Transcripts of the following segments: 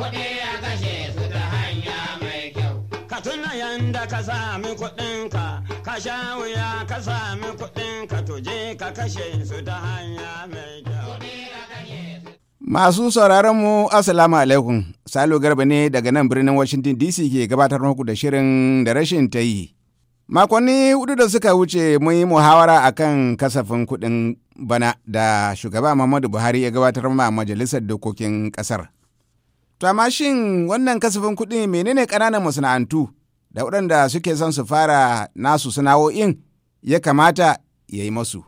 kuɗi a kashe su ta hanya mai kyau. Ka tuna yanda ka sami kuɗinka, ka sha wuya ka sami kuɗinka tuje ka kashe su ta hanya mai kyau. Masu sauraron mu Assalamu alaikum, Salo Garba ne daga nan birnin Washington DC ke gabatar muku da shirin da rashin ta yi. Makonni hudu da suka wuce mun yi muhawara a kan kasafin kuɗin bana da shugaba Muhammadu Buhari ya gabatar ma majalisar dokokin ƙasar. To amma shin wannan kasafin kuɗi menene ƙananan masana'antu da waɗanda suke son su fara nasu sana'o'in ya kamata ya yi masu.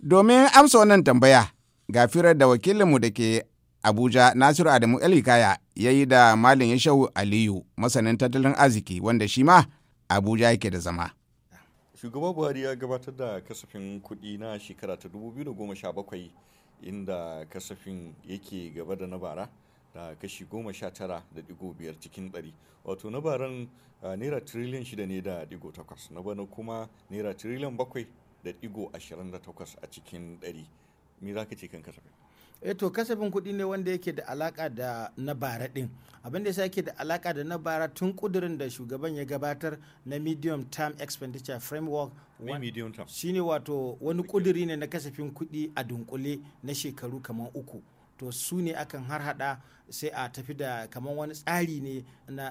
Domin amsa wannan tambaya ga firar da wakilinmu da ke Abuja Nasiru Adamu Elikaya ya yi da Malin Yashau Aliyu masanin tattalin arziki wanda shi ma Abuja yake da zama. shugaban Buhari ya gabatar da kasafin kuɗi na shekara ta 2017 inda kasafin yake gaba da na bara. da kashi goma sha tara da digo biyar cikin ɗari wato na baran naira trillion shida ne da digo takwas na bana kuma naira trillion bakwai da digo ashirin da takwas a cikin ɗari me za ka ce kan kasafin e to kasafin kuɗi ne wanda yake da alaka da na bara ɗin abin da yake da alaka da na bara tun kudurin da shugaban ya gabatar na medium term expenditure framework shine wato wani kuduri ne na kasafin kuɗi a dunkule na shekaru kamar uku to su ne akan har hada sai a tafi da kamar wani tsari ne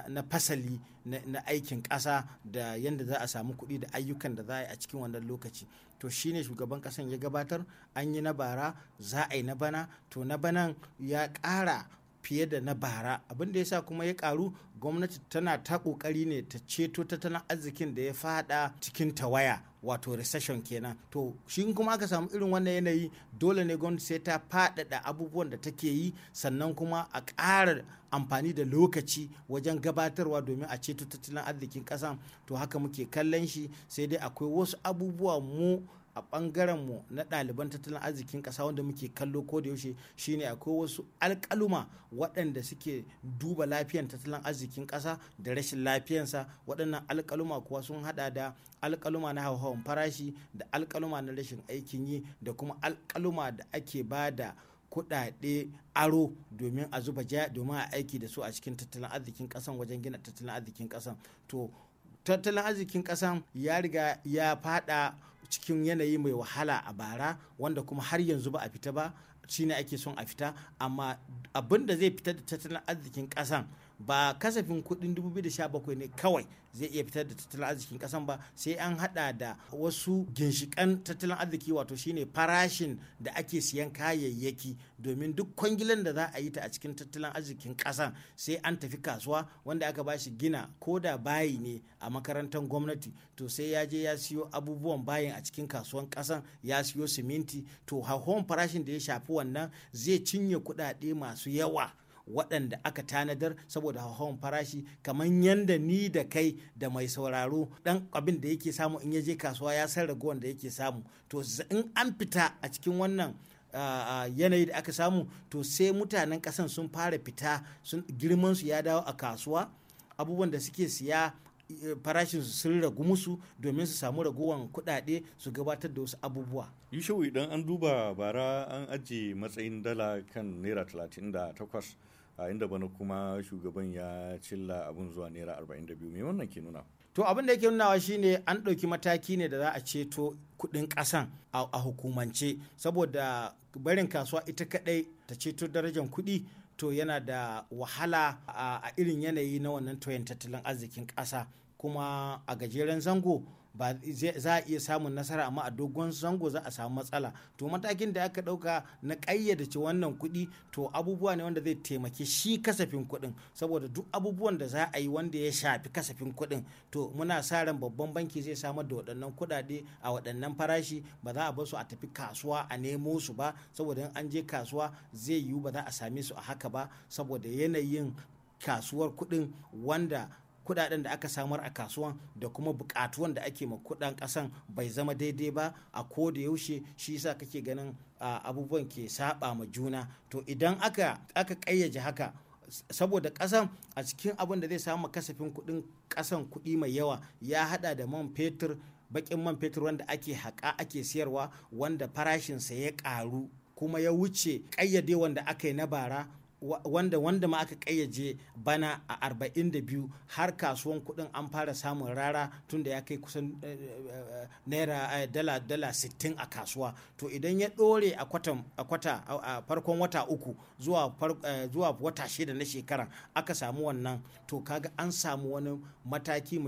na, fasali na, aikin ƙasa da yadda za a samu kuɗi da ayyukan da za a yi a cikin wannan lokaci to shi ne shugaban ƙasan ya gabatar an yi na bara za a yi na bana to na banan ya ƙara fiye da na bara abin da ya sa kuma ya karu gwamnati tana ta kokari ne ta ceto tattalin arzikin da ya fada cikin tawaya wato recession kenan to shi kuma aka samu irin wannan yanayi dole ne gwamnati sai ta faɗaɗa abubuwan da take yi sannan kuma a ƙara amfani da lokaci wajen gabatarwa domin a ceto tattalin arzikin ƙasa to haka muke kallon shi sai dai akwai wasu abubuwa mu a bangaren mu na ɗaliban tattalin arzikin ƙasa wanda muke kallo ko da yaushe shine akwai wasu alƙaluma waɗanda suke duba lafiyan tattalin arzikin kasa da rashin lafiyansa waɗannan alƙaluma kuwa sun hada da alƙaluma na hauhawan farashi da alƙaluma na rashin aikin yi da kuma alƙaluma da ake ba da kuɗaɗe aro domin a zuba domin a aiki da su a cikin tattalin arzikin ƙasan wajen gina tattalin arzikin ƙasan to tattalin arzikin ƙasan ya riga ya fada cikin yanayi mai wahala a bara wanda kuma har yanzu ba a fita ba shine ake son a fita amma abin da zai fitar da tattalin arzikin ƙasan ba kasafin kuɗin 2017 ne kawai zai iya fitar da tattalin arzikin kasan ba sai an hada da wasu ginshikan tattalin arziki wato shine farashin da ake siyan kayayyaki domin duk kwangilan da za a yi ta a cikin tattalin arzikin kasan sai an tafi kasuwa wanda aka ba shi gina ko da bayi ne a makarantar gwamnati to sai ya je ya siyo abubuwan bayin a cikin kasuwan kasan ya siyo siminti to hahon farashin da ya shafi wannan zai cinye kudade masu yawa waɗanda aka tanadar saboda hauhawan farashi kamar yadda ni da kai da mai sauraro ɗan abin da yake samu in ya je kasuwa ya san raguwan da yake samu to in an fita a cikin wannan yanayi da aka samu to sai mutanen ƙasan sun fara fita sun girman su ya dawo a kasuwa abubuwan da suke siya farashin su sun ragu musu domin su samu raguwan kuɗaɗe su gabatar da wasu abubuwa. Yushewu idan an duba bara an ajiye matsayin dala kan naira 38 a inda bana kuma shugaban ya cilla abin zuwa naira 42 me wannan ke nuna to abin da yake nunawa shine an ɗauki mataki ne da za a ceto kuɗin ƙasan a hukumance saboda barin kasuwa ita kaɗai ta ceto darajar kuɗi to yana da wahala a irin yanayi na wannan tattalin arzikin ƙasa kuma a gajeren zango ba za a iya samun nasara amma a dogon zango za a samu matsala to matakin da aka dauka na kayyadace wannan kuɗi to abubuwa ne wanda zai taimake shi kasafin kuɗin saboda duk abubuwan da za a yi wanda ya shafi kasafin kuɗin to muna sa ran babban banki zai samar da waɗannan kudade a waɗannan farashi ba za a bar su a tafi kasuwa a nemo su ba saboda an je kasuwa zai yiwu ba za a same su a haka ba saboda yanayin kasuwar kuɗin wanda kudaden da aka samar a kasuwan da kuma bukatuwan da ake ma kudan kasan bai zama daidai ba a ko da yaushe shi yasa kake ganin abubuwan ke saba ma juna to idan aka aka kayyaje haka saboda kasan a cikin abin da zai samu kasafin kudin kasan kudi mai yawa ya hada da man fetur bakin man fetur wanda ake haka ake siyarwa wanda farashinsa ya karu kuma ya wuce kayyade wanda aka yi na bara wanda wanda ma aka kayyaje bana a 42 har kasuwan kudin an fara samun rara tun da ya kai kusan eh, eh, naira eh, dala dala 60 a kasuwa to idan ya dore a kwata a farkon wata uku zuwa zuwa wata shida na shekara aka samu wannan to kaga an samu wani mataki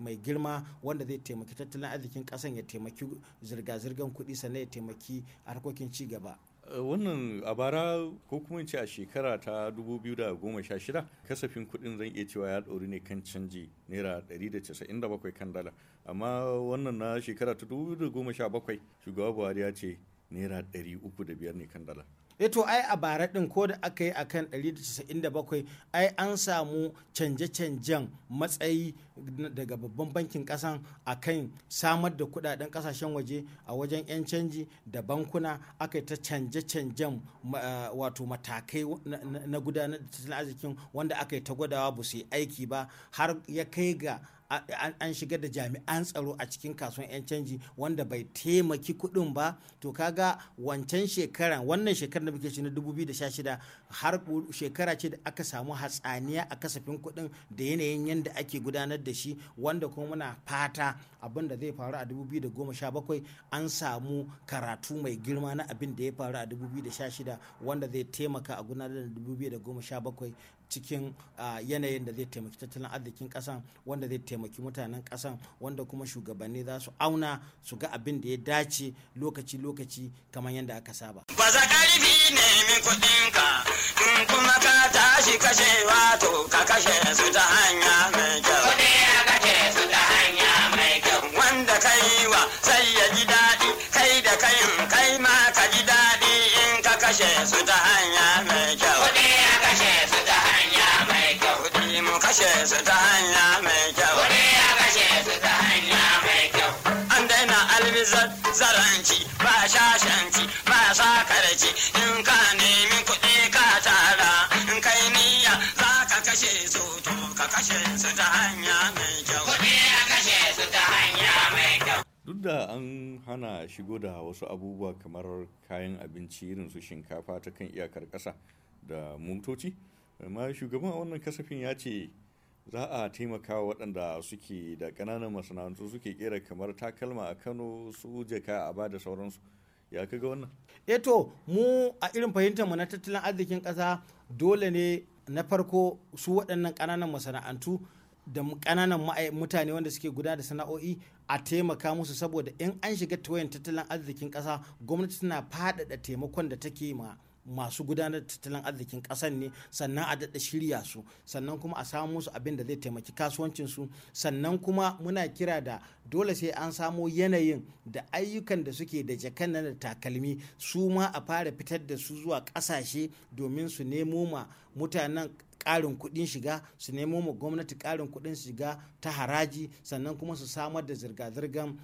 mai girma wanda zai taimaki tattalin arzikin kasan ya taimaki zirga-zirgar kuɗi sannan ya taimaki harkokin ci gaba Eh, wannan a bara ko kuma ce a shekara ta 2016 kasafin kuɗin zan iya cewa ya ɗori ne kan canji naira 197 kan dala amma wannan na shekara ta 2017 shugaba buhari ya ce naira 305 ne kan dala e ai a bara din ko da aka yi akan 197 ai an samu canje-canjen matsayi daga babban bankin kasan kan samar da kudaden kasashen waje a wajen 'yan canji da bankuna aka yi ta canje-canjen wato matakai na gudanar da tattalin arzikin wanda aka yi ta gwadawa ba su yi aiki ba har ya kai ga an shigar da jami'an tsaro a cikin kasuwan 'yan canji wanda bai taimaki kuɗin ba to kaga wancan shekaran wannan shekarar da muke ci na 2016 har shekara ce da aka samu hatsaniya a kasafin kuɗin da yanayin yadda ake gudanar da shi wanda kuma muna fata abin da zai faru a 2017 an samu karatu mai girma na abin da ya faru a 2016 wanda zai taimaka a gudanar da 2017 cikin yanayin da zai taimaki tattalin arzikin kasan wanda zai taimaki mutanen kasan wanda kuma shugabanni za su auna su ga abin da ya dace lokaci kamar yadda aka saba ba za ne nemi kuɗin ka in kuma ka tashi kashe ka kashe su ta hanya mai kyau kashe su ta hanya mai kyau wanda kai wa sai ya ji kai da kayin kai ma ka ji daɗi in ka kashe su ta hanya ci in ka nemi kuɗi ka tara in kai niyya za ka kashe su to kashe su ta hanya mai kyau. Kuɗi ka kashe su ta hanya mai kyau. Duk da an hana shigo da wasu abubuwa kamar kayan abinci irin su shinkafa ta kan iyakar ƙasa da motoci, amma shugaban wannan kasafin ya ce za a taimaka wa waɗanda suke da ƙananan masana'antu suke kera kamar takalma a Kano su jaka a ba da sauransu. ya kaga wannan eto eh mu a irin fahimtar mu na tattalin arzikin ƙasa dole ne na farko su waɗannan ƙananan masana'antu da ƙananan mutane wanda suke guda da sana'o'i a taimaka musu saboda in an shiga tawayan tattalin arzikin ƙasa gwamnati tana faɗaɗa taimakon da take ma masu gudanar da tattalin arzikin ƙasar ne sannan a daɗa shirya su sannan kuma a samu su abin da zai taimaki kasuwancin su sannan kuma muna kira da dole sai an samo yanayin da ayyukan da suke da jakan da takalmi su ma a fara fitar da su zuwa ƙasashe domin su nemo ma mutanen karin kuɗin shiga su nemo ma gwamnati ƙarin kuɗin shiga ta haraji sannan kuma su samar da zirga-zirgan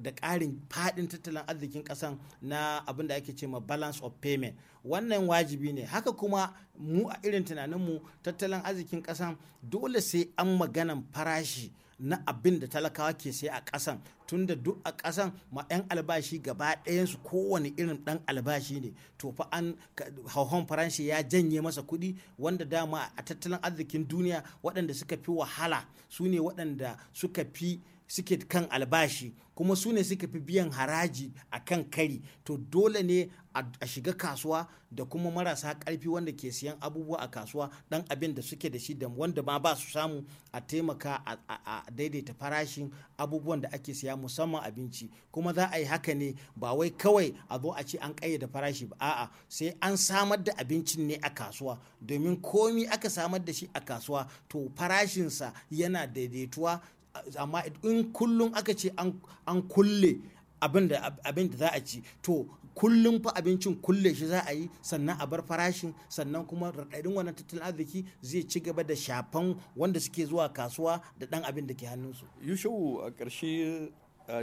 da ƙarin faɗin tattalin arzikin ƙasan na abin da ake ce ma balance of payment wannan wajibi ne haka kuma mu a irin tunaninmu tattalin arzikin ƙasan dole sai an maganan farashi na abin da talakawa ke sai a ƙasan tunda duk a ƙasan ma 'yan albashi gaba ɗayansu kowane irin ɗan albashi ne to fa an hauhon faranshi ya janye masa kuɗi wanda dama a tattalin arzikin duniya waɗanda suka fi wahala su ne waɗanda suka fi suke kan albashi kuma su ne suka fi biyan haraji a kan kari to dole ne a shiga kasuwa da kuma marasa karfi wanda ke siyan abubuwa a kasuwa dan abin da suke da shi da wanda ma ba su samu a taimaka a daidaita farashin abubuwan da ake siya musamman abinci kuma za a yi haka ne ba wai kawai a zo a ce an kayyada farashi ba a'a sai an samar da abincin ne a kasuwa domin komi aka samar da shi a kasuwa to farashinsa yana daidaituwa amma in kullum aka ce an kulle abin da za a ci to kullum fa abincin kulle shi za a yi sannan a bar farashin sannan kuma raɗaɗin wannan tattalin arziki zai ci gaba da shafan wanda suke zuwa kasuwa da ɗan abin da ke hannunsu. yushewu a ƙarshe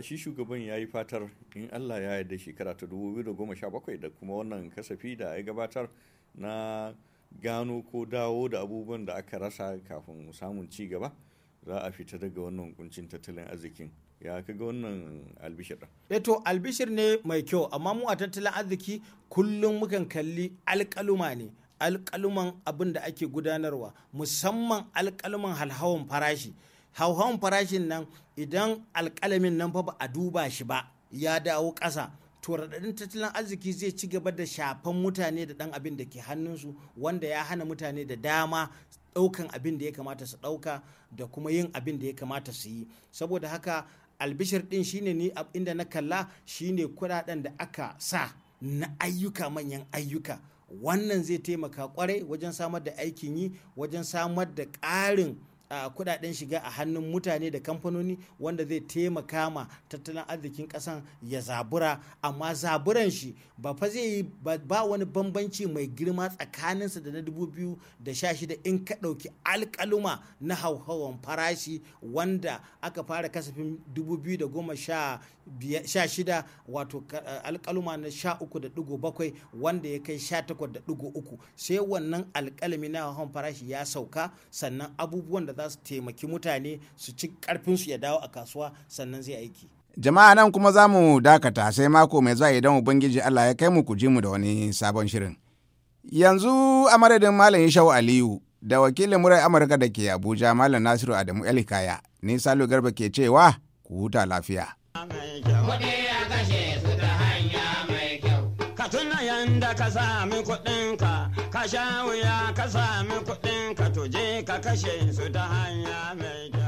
shi shugaban ya yi fatar in Allah ya yarda shekara ta bakwai da kuma wannan kasafi da ya gabatar na gano ko dawo da abubuwan da aka rasa kafin samun ci gaba. za a fita daga wannan kuncin tattalin arzikin ya kaga wannan albishir ɗin. eto eh albishir ne mai kyau amma mu a tattalin arziki kullum mukan kalli alkaluma ne alkaluman abin da ake gudanarwa musamman alkaluman halhawan farashi hauhawan farashin nan idan alkalamin nan fa ba a duba shi ba ya dawo ƙasa to raɗaɗin tattalin arziki zai ci gaba da shafan mutane da ɗan abin da ke hannunsu wanda ya hana mutane da dama daukan abin da ya kamata su dauka da kuma yin abin da ya kamata su yi saboda haka albishir ɗin shine ni inda na kalla shine kudaden da aka sa na ayyuka manyan ayyuka wannan zai taimaka kwarai wajen samar da aikin yi wajen samar da ƙarin kudaden shiga a hannun mutane da kamfanoni wanda zai taimaka ma tattalin arzikin kasan ya zabura amma zaburan shi ba fa zai yi ba wani bambanci mai girma tsakaninsa da na 2016 in ka ɗauki alkaluma na hauhawan farashi wanda aka fara kasafin sha shida wato eh, alkaluma na sha uku da bakwai wanda ya kai sha takwas da digo uku sai wannan alkalami na hawan farashi ya sauka sannan abubuwan da za su taimaki mutane su ci karfinsu ya dawo a kasuwa sannan zai aiki jama'a nan kuma za mu dakata sai mako mai zuwa idan ubangiji allah ya kai mu ku ji mu da wani sabon shirin yanzu a madadin malam shau aliyu da wakilin murai amurka da ke abuja malam nasiru adamu elikaya ni salo garba ke cewa ku huta lafiya Kuɗi kashe su ta hanya mai kyau. Ka tuna yanda ka sami kuɗinka, ka sha wuya ka sami kuɗinka, to je ka kashe su ta hanya mai kyau.